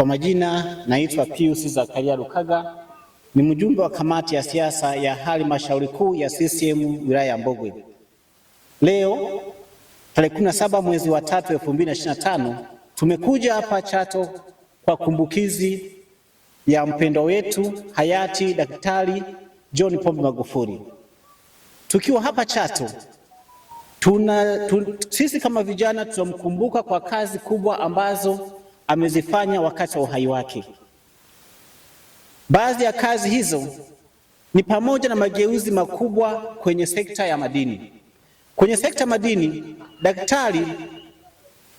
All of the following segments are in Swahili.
Kwa majina naitwa Pius Zakaria Lukaga, ni mjumbe wa kamati ya siasa ya halmashauri kuu ya CCM wilaya ya Mbogwe. Leo tarehe 17 mwezi wa 3 2025, tumekuja hapa Chato kwa kumbukizi ya mpendwa wetu hayati Daktari John Pombe Magufuli. Tukiwa hapa Chato tuna, tu, sisi kama vijana tunamkumbuka kwa kazi kubwa ambazo amezifanya wakati wa uhai wake. Baadhi ya kazi hizo ni pamoja na mageuzi makubwa kwenye sekta ya madini. Kwenye sekta ya madini, Daktari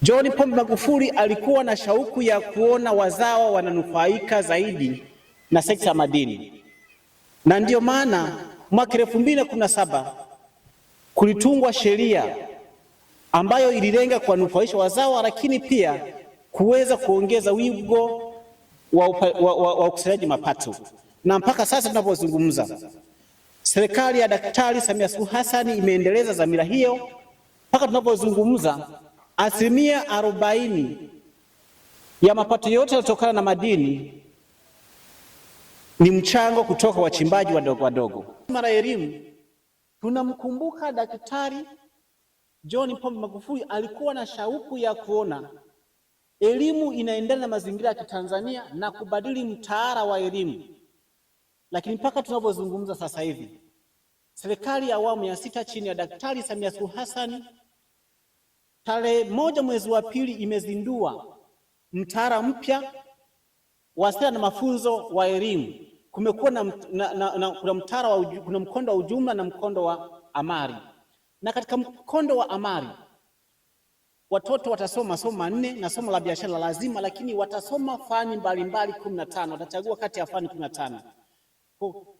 John Pombe Magufuli alikuwa na shauku ya kuona wazawa wananufaika zaidi na sekta ya madini, na ndiyo maana mwaka saba kulitungwa sheria ambayo ililenga kuwanufaisha wazawa, lakini pia kuweza kuongeza wigo wa, wa, wa, wa ukusanyaji mapato, na mpaka sasa tunapozungumza, serikali ya Daktari Samia Suluhu Hassan imeendeleza dhamira hiyo. Mpaka tunapozungumza, asilimia arobaini ya mapato yote yanayotokana na madini ni mchango kutoka wachimbaji wadogo wadogo. Mara elimu, tunamkumbuka Daktari John Pombe Magufuli alikuwa na shauku ya kuona Elimu inaendana na mazingira ya Kitanzania na kubadili mtaala wa elimu, lakini mpaka tunavyozungumza sasa hivi serikali ya awamu ya sita chini ya Daktari Samia Suluhu Hassan tarehe moja mwezi wa pili imezindua mtaala mpya wa sera na mafunzo wa elimu. Kumekuwa na, na, na, na, kuna mtaala wa, kuna mkondo wa ujumla na mkondo wa amali, na katika mkondo wa amali watoto watasoma somo manne na somo la biashara lazima, lakini watasoma fani mbalimbali kumi na tano. Watachagua kati ya fani kumi na tano.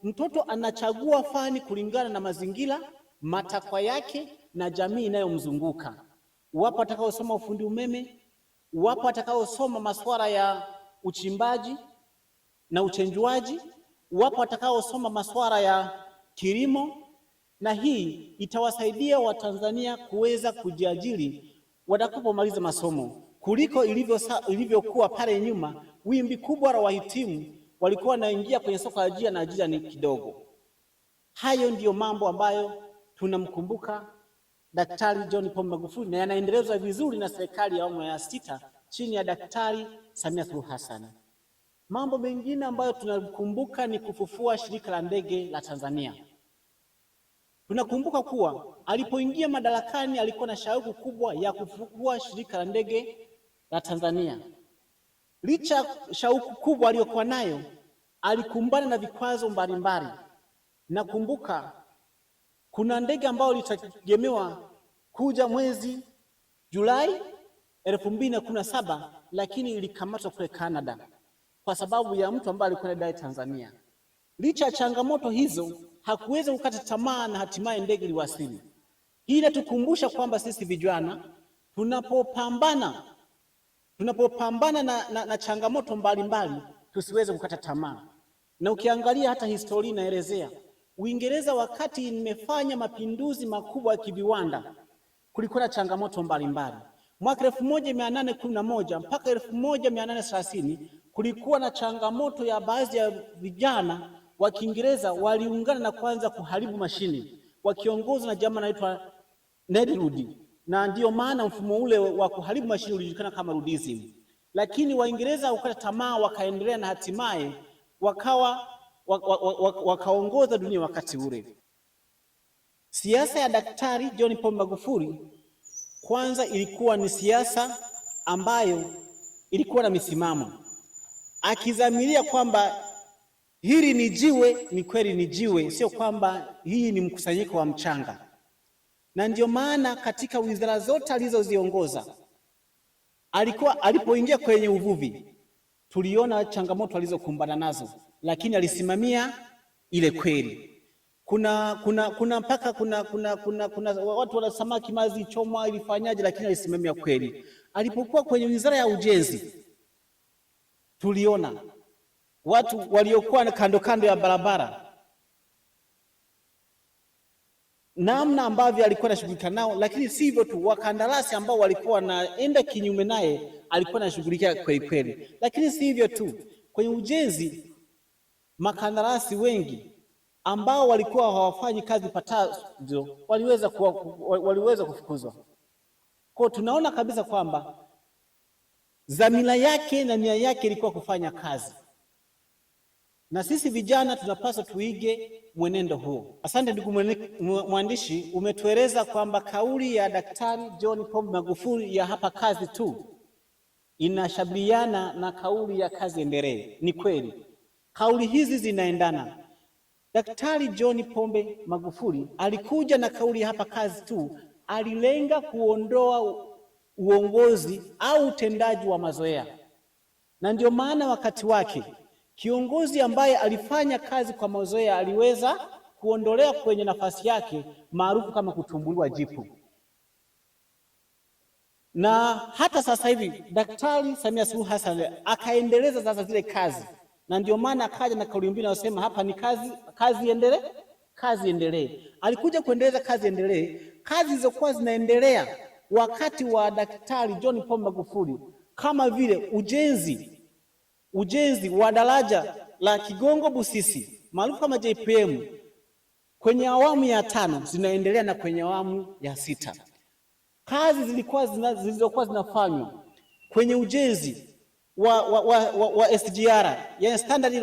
Mtoto anachagua fani kulingana na mazingira, matakwa yake na jamii inayomzunguka. Wapo watakaosoma ufundi umeme, wapo watakaosoma masuala ya uchimbaji na uchenjuaji, wapo watakaosoma masuala ya kilimo, na hii itawasaidia Watanzania kuweza kujiajiri watakapomaliza masomo kuliko ilivyokuwa pale nyuma. Wimbi kubwa la wahitimu walikuwa wanaingia kwenye soko la ajira na ajira ni kidogo. Hayo ndiyo mambo ambayo tunamkumbuka Daktari John Pombe Magufuli na yanaendelezwa vizuri na serikali ya awamu ya sita chini ya Daktari Samia Suluhu Hassan. Mambo mengine ambayo tunamkumbuka ni kufufua shirika la ndege la Tanzania. Tunakumbuka kuwa alipoingia madarakani alikuwa na shauku kubwa ya kufufua shirika la ndege la Tanzania. Licha shauku kubwa aliyokuwa nayo, alikumbana na vikwazo mbalimbali. Nakumbuka kuna ndege ambayo litagemewa kuja mwezi Julai elfu mbili na kumi na saba lakini ilikamatwa kule Canada kwa sababu ya mtu ambaye alikuwa anadai Tanzania. Licha ya changamoto hizo, hakuweza kukata tamaa na hatimaye ndege iliwasili. Hii inatukumbusha kwamba sisi vijana tunapopambana tunapopambana na, na, na changamoto mbalimbali tusiweze kukata tamaa. Na ukiangalia hata historia inaelezea Uingereza, wakati imefanya mapinduzi makubwa ya kiviwanda, kulikuwa na changamoto mbalimbali. Mwaka elfu moja mia nane kumi na moja mpaka elfu moja mia nane thelathini kulikuwa na changamoto ya baadhi ya vijana wa Kiingereza waliungana na kwanza kuharibu mashine wakiongozwa na jamaa anaitwa Rudd, na ndiyo maana mfumo ule wa kuharibu mashine ulijulikana kama Ruddism. Lakini Waingereza wakata tamaa, wakaendelea na hatimaye wakawa wakaongoza dunia wakati ule. Siasa ya Daktari John Pombe Magufuli kwanza ilikuwa ni siasa ambayo ilikuwa na misimamo, akizamilia kwamba hili ni jiwe, ni kweli ni jiwe, sio kwamba hii ni mkusanyiko wa mchanga. Na ndio maana katika wizara zote alizoziongoza alikuwa alipoingia kwenye uvuvi, tuliona changamoto alizokumbana nazo, lakini alisimamia ile kweli. Kuna kuna kuna mpaka kuna kuna kuna, kuna watu wana samaki mazi chomwa ilifanyaje, lakini alisimamia kweli. Alipokuwa kwenye wizara ya ujenzi tuliona watu waliokuwa kando kando ya barabara, namna ambavyo alikuwa anashughulika nao. Lakini si hivyo tu, wakandarasi ambao walikuwa wanaenda kinyume naye alikuwa anashughulikia kweli kweli. Lakini si hivyo tu, kwenye ujenzi, makandarasi wengi ambao walikuwa hawafanyi kazi patazo waliweza kuwa, waliweza kufukuzwa. Kwa tunaona kabisa kwamba dhamira yake na nia yake ilikuwa kufanya kazi na sisi vijana tunapaswa tuige mwenendo huo. Asante ndugu mwandishi, umetueleza kwamba kauli ya Daktari John Pombe Magufuli ya hapa kazi tu inashabiana na kauli ya kazi endelee. Ni kweli kauli hizi zinaendana. Daktari John Pombe Magufuli alikuja na kauli ya hapa kazi tu, alilenga kuondoa uongozi au utendaji wa mazoea, na ndio maana wakati wake Kiongozi ambaye alifanya kazi kwa mazoea aliweza kuondolewa kwenye nafasi yake maarufu kama kutumbuliwa jipu. Na hata sasa hivi Daktari Samia Suluhu Hassan akaendeleza sasa zile kazi, na ndio maana akaja na kauli mbiu inayosema hapa ni kazi, kazi iendelee, kazi endelee Alikuja kuendeleza kazi endelee kazi zilizokuwa zinaendelea wakati wa Daktari John Pombe Magufuli kama vile ujenzi ujenzi wa daraja la Kigongo Busisi maarufu kama JPM kwenye awamu ya tano zinaendelea na kwenye awamu ya sita. Kazi zilikuwa zilizokuwa zinafanywa kwenye ujenzi wa, wa, wa, wa, wa SGR yani standard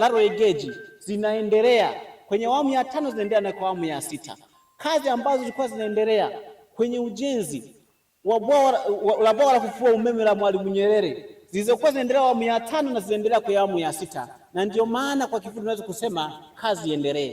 railway gauge zinaendelea kwenye awamu ya tano zinaendelea na kwa awamu ya sita. Kazi ambazo zilikuwa zinaendelea kwenye ujenzi wa bwawa la kufua umeme la Mwalimu Nyerere zilizokuwa zinaendelea awamu ya tano na zinaendelea kwa awamu ya sita, na ndio maana kwa kifupi tunaweza kusema kazi iendelee.